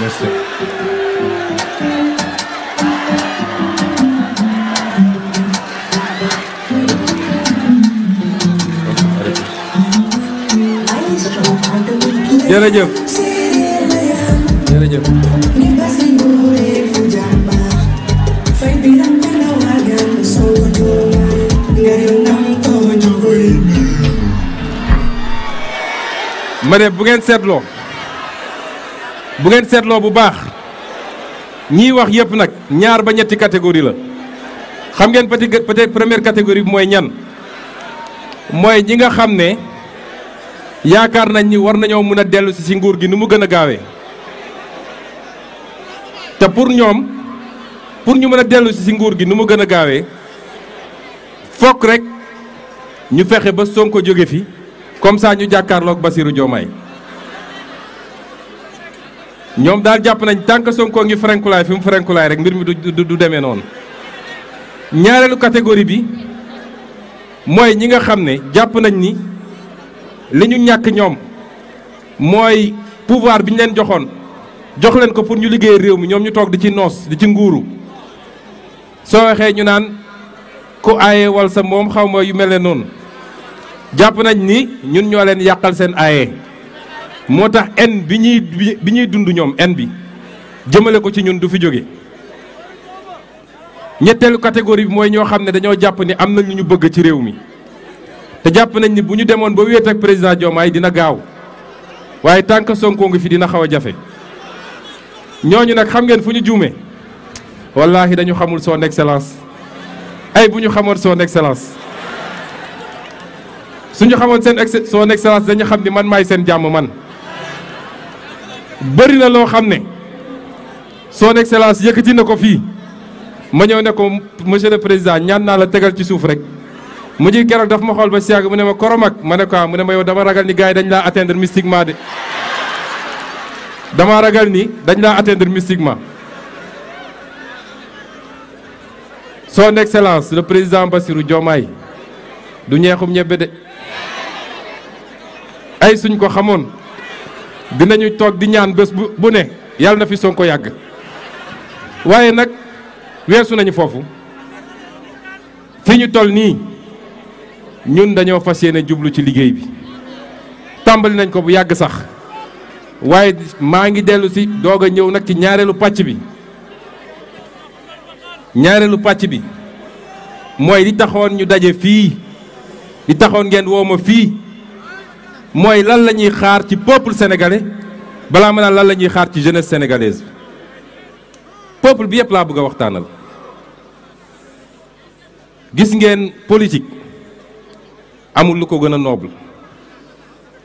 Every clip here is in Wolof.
Merci. jërëjëf jërëjëf. ma ne bu ngeen seetloo. bu ngeen seetloo bu baax ñiy wax yëpp nag ñaar ba ñetti catégorie la xam ngeen peut-être catégorie bi mooy ñan mooy ñi nga xam ne yaakaar nañ ni war nañoo mën a dellu si si nguur gi ni mu gën a gaawee te pour ñoom pour ñu mën a dellu si si nguur gi nu mu gën a gaawee fokk rek ñu fexe ba Sonko jóge fi comme ça ñu jàkkaarloog Basirou Diomaye ñoom daal jàpp nañ tànk Sonko ngi frenkulaay fi mu frenkulaay rek mbir mi du du demee noonu ñaareelu catégorie bi mooy ñi nga xam ne jàpp nañ ni li ñu ñàkk ñoom mooy pouvoir bi ñu leen joxoon jox leen ko pour ñu liggéey réew mi ñoom ñu toog di ci noos di ci nguuru soo waxee ñu naan ku aaye wal sa moom xaw ma yu mel ne noonu jàpp nañ ni ñun ñoo leen yàqal seen aaye. moo tax enn bi ñuy bi ñuy dund ñoom en bi jëmale ko ci ñun du fi jóge ñetteelu catégorie bi mooy ñoo xam ne dañoo jàpp ni am na ñu ñu bëgg ci réew mi te jàpp nañ ni bu ñu demoon ba wéet ak président Diomaye dina gaaw waaye tànk Sonko ngi fi dina xaw a jafe ñooñu nag xam ngeen fu ñu juumee wallaahi dañu xamul soo excellence ay bu ñu xamoon son excellence suñu xamoon seen son excellence dañu xam ni man maay seen jàmm man bëri na loo xam ne son excellence yëkkati na ko fii ma ñëw ne ko monsieur le président ñaan naa la tegal ci suuf rek mu ji keroog daf ma xool ba si yàgg mu ne ma koromaak ma ne ko ah mu ne ma yow dama ragal ni gars yi dañ laa atteindre mystiquement de dama ragal ni dañ laa atteindre mystiquement son excellence le président Bassirou joomaay du ñeexum ñebbe de ay suñ ko xamoon nañu toog di ñaan bés bu bu ne yàlla na fi Sonko yàgg waaye nag weesu nañu foofu fi ñu toll nii ñun dañoo fas yéene jublu ci liggéey bi tàmbali nañ ko bu yàgg sax waaye maa ngi dellusi si doog a ñëw nag ci ñaareelu pàcc bi ñaareelu pàcc bi mooy li taxoon ñu daje fii li taxoon ngeen woo fii mooy lan la ñuy xaar ci peuple sénégalais balaa ma naan lan la ñuy xaar ci jeunesse sénégalaise bi peuple bi yëpp laa bëgg a waxtaanal gis ngeen politique amul lu ko gën a noble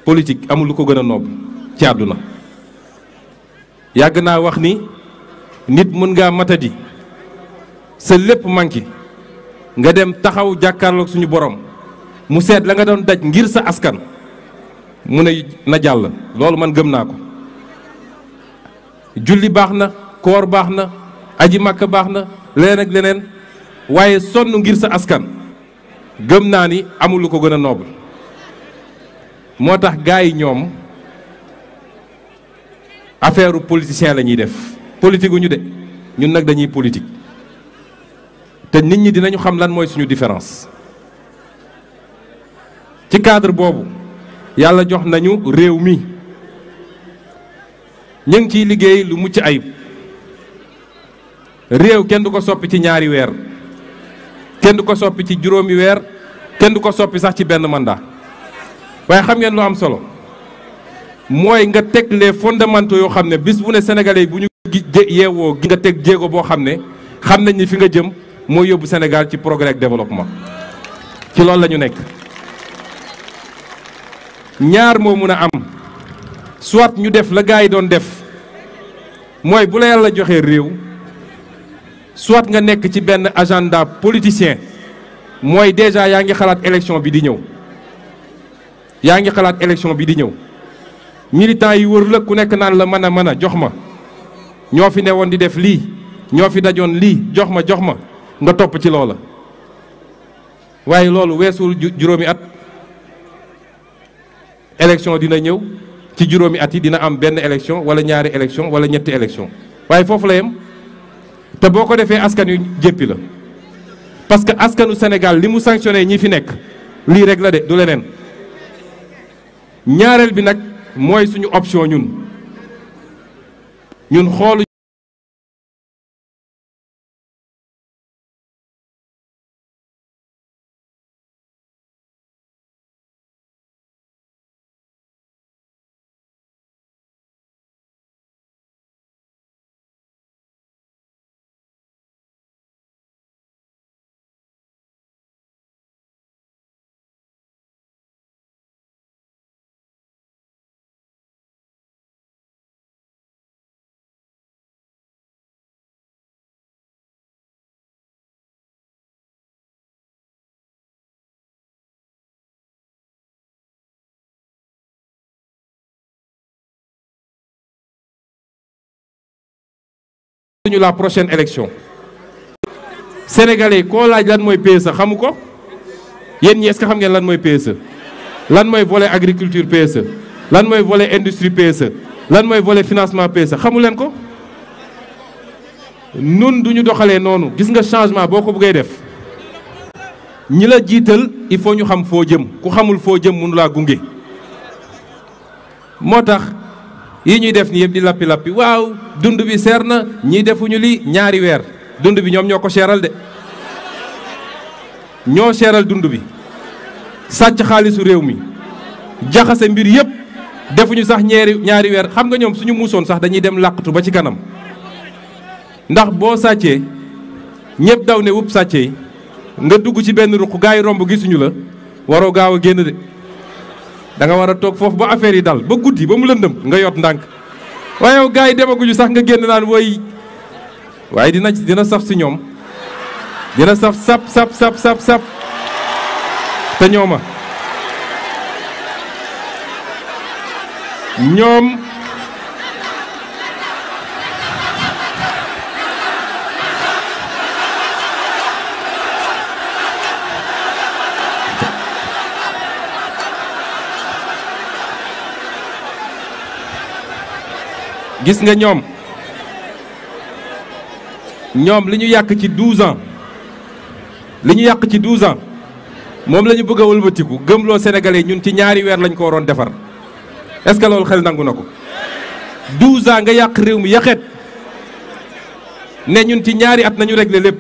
politique amul lu ko gën a noble ci àdduna yàgg naa wax ni nit mën ngaa matadi sa lépp manqué nga dem taxaw jàkkaarloog suñu borom mu seet la nga doon daj ngir sa askan mu ne na jàll loolu man gëm naa ko julli baax na koor baax na aji màkk baax na leneen ak leneen waaye sonn ngir sa askan gëm naa ni amul ko gën a noble moo tax gars yi ñoom affaire politicien lañuy def politique gu ñu de ñun nag dañuy politique te nit ñi dinañu xam lan mooy suñu différence ci cadre boobu yàlla jox nañu réew mi ñu ngi ciy liggéey lu mucc ayib réew kenn du ko soppi ci ñaari weer kenn du ko soppi ci juróomi weer kenn du ko soppi sax ci benn mandat waaye xam ngeen lu am solo mooy nga teg les fondamentaux yoo xam ne bis bu ne sénégalais bu ñu yeewoo nga teg jéego boo xam ne xam nañ ni fi nga jëm mooy yóbbu Sénégal ci progrès ak développement ci loolu lañu nekk. ñaar moo mën a am soit ñu def la gars yi doon def mooy bu la yàlla joxee réew soit nga nekk ci benn agenda politicien mooy déjà yaa ngi xalaat élection bi di ñëw yaa ngi xalaat élection bi di ñëw militants yi wër la ku nekk naan la mën a mën a jox ma ñoo fi newoon di def lii ñoo fi dajoon lii jox ma jox ma nga topp ci loola waaye loolu weesul juróomi at élection dina ñëw ci juróomi at yi dina am benn élection wala ñaari élection wala ñetti élection waaye foofu la yem te boo ko defee askan yu jéppi la parce que askanu senegal li mu sanctionné ñi fi nekk lii rek la de du leneen ñaareel bi nag mooy suñu option ñun ñun xoolu ñu la prochaine élection sénégalais koo laaj lan mooy PSE xamu ko yéen ñi est-ce xam ngeen lan mooy PSE lan mooy volet agriculture PSE lan mooy volet industrie PSE lan mooy volet financement PSE xamu leen ko nun du ñu doxalee noonu gis nga changement boo ko bëggee def ñi la jiital il faut ñu xam foo jëm ku xamul foo jëm munu laa gunge moo tax yi ñuy def ni yëpp di lappi lappi waaw dund bi seer na ñii defuñu li ñaari weer dund bi ñoom ñoo ko seeral de ñoo seeral dund bi sàcc xaalisu réew mi jaxase mbir yëpp defuñu sax ñeeri ñaari weer xam nga ñoom suñu muusoon sax dañuy dem làqatu ba ci kanam ndax boo sàccee ñëpp daw ne wupp sàccee nga dugg ci benn ruq gaa romb gisuñu la waroo gaaw a génn de danga war a toog foofu ba affaire yi dal ba guddi ba mu lëndëm nga yot ndànk waaye yow gars yi demaguñu sax nga génn naan wooy waaye dina dina saf si ñoom dina saf sap sap sap sap sap te ñooma ñoom gis nga ñoom ñoom li ñu yàq ci 12 ans li ñu yàq ci 12 ans moom lañu ñu bëgg a wëlbatiku gëmloo sénégalais ñun ci ñaari weer lañ ko waroon defar est-ce que loolu xel nangu na ko 12 ans nga yàq réew mi yàqet ne ñun ci ñaari at nañu régler lépp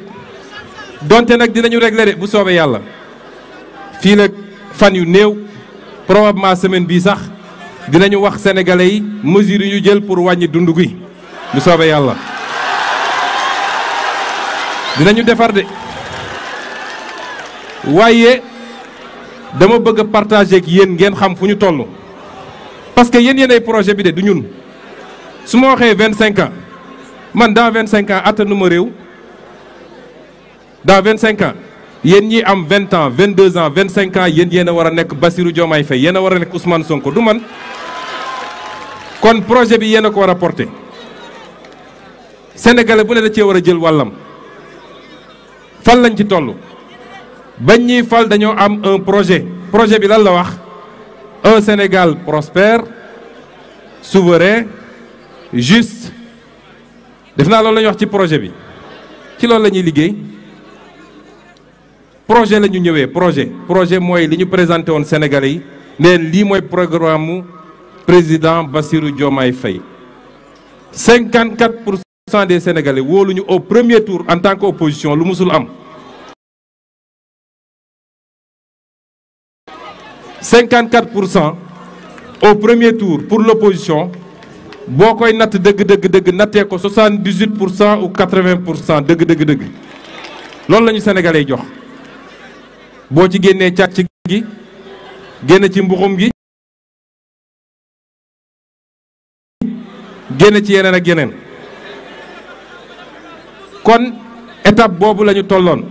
donte nag dinañu régler de bu soobee yàlla fii nag fan yu néew probablement semaine bii sax. dinañu wax sénégalais yi mesures yi ñu jël pour wàññi dund gi bu soobee yàlla dinañu defar de waaye dama bëgg a partager yéen ngeen xam fu ñu toll parce que yéen yéenay projet bi de du ñun su ma waxee vingt cinq man dans vingt cinq ans réew dans vingt cinq yéen ñi am 20 ans 22 ans 25 ans yéen yéen a war a nekk Bassirou Diomaye Faye yéen a war a nekk Ousmane Sonko du man kon projet bi yéen a ko war a porté sénégalais bu ne da cee war a jël wàllam fan lañ ci toll bañ ñuy fal dañoo am un projet projet bi lan la wax un Sénégal prospère souverain juste def naa loolu lañu wax ci projet bi ci loolu la ñuy liggéey. projet la ñu ñëwee projet projet mooy li ñu présenté woon Sénégalais yi ne lii mooy programme mu président Bassirou Diomaye Faye 54 pour cent des Sénégalais wóolu ñu au premier tour en tant que opposition lu musul am. 54 pour cent au premier tour pour l'opposition boo koy natt dëgg dëgg dëgg nattee ko 78 pour cent ou 80 pour cent dëgg dëgg dëgg loolu la ñu Sénégalais jox. boo ci génnee càcc gi génn ci mbuxum gi génn ci yeneen ak yeneen kon étape boobu lañu tolloon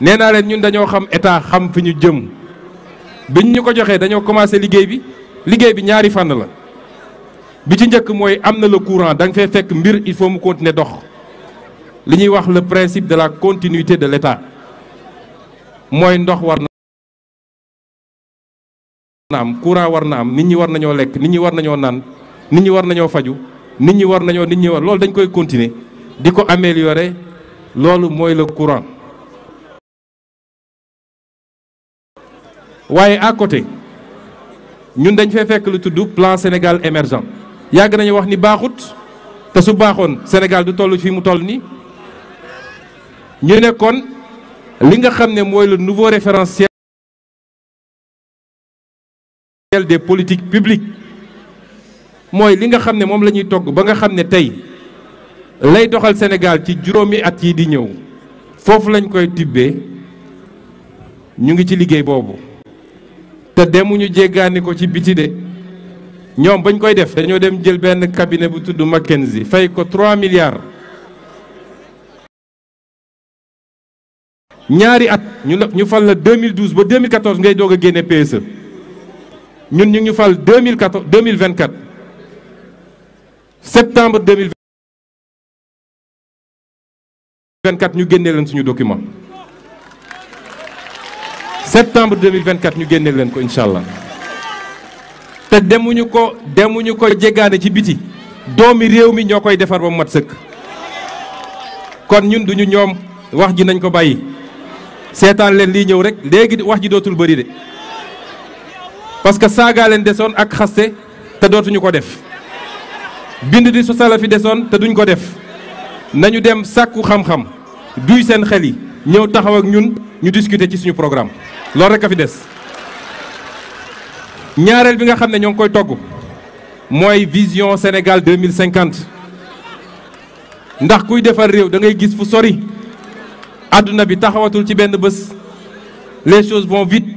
nee naa leen ñun dañoo xam état xam fi ñu jëm biñ ñu ko joxee dañoo commencé liggéey bi liggéey bi ñaari fànn la bi ci njëkk mooy am na la courant da nga fee fekk mbir il faut mu continuer dox li ñuy wax la principe de la continuité de l'état mooy ndox war na am courant war na am nit ñi war nañoo lekk nit ñi war nañoo naan nit ñi war nañoo faju nit ñi war nañoo nit ñi war loolu dañ koy continé di ko améliorer loolu mooy la courant waaye à côté ñun dañ fee fekk lu tudd plan Sénégal émergent yàgg nañu wax ni baaxut te su baaxoon Sénégal du toll fii mu toll nii ñu nekkoon li nga xam ne mooy le nouveau référentiel des politiques publiques mooy li nga xam ne moom la ñuy togg ba nga xam ne tey lay doxal Sénégal ci juróomi at yi di ñëw foofu lañ koy tibbee ñu ngi ci liggéey boobu te demuñu jéggaani ko ci biti de ñoom bañ koy def dañoo dem jël benn cabinet bu tudd Mackenzie fay ko 3 milliards ñaari at ñu la ñu fal la 2012 ba 2014 ngay doog a génne PSE ñun ñu ñu fal 2014 2024 septembre 2024 ñu génne leen suñu document septembre 2024 ñu génne leen ko incha allah te demuñu ko demuñu ko jéggaane ci biti doomi réew mi ñoo koy defar ba mu mat sëkk kon ñun duñu ñoom wax ji nañ ko bàyyi. seetaan leen lii ñëw rek léegi wax ji dootul bëri de parce que saagaa leen desoon ak xaste te dootuñu ko def bind di sosala fi desoon te duñu ko def nañu dem sàkku xam-xam duy seen xel yi ñëw taxaw ak ñun ñu discuter ci suñu programme loolu rek a fi des ñaareel bi nga xam ne ñoo ngi koy togg mooy vision Sénégal 2050 ndax kuy defar réew da ngay gis fu sori àdduna bi taxawatul ci benn bés les choses vont vite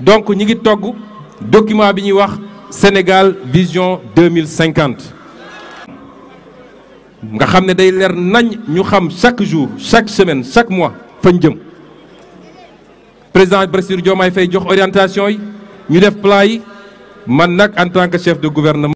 donc ñi ngi togg document bi ñuy wax Sénégal vision 2050 nga xam ne day leer nañ ñu xam chaque jour chaque semaine chaque mois fañ jëm président Bassirou Diomaye fay jox orientation yi ñu def plan yi man nag en tant que chef de gouvernement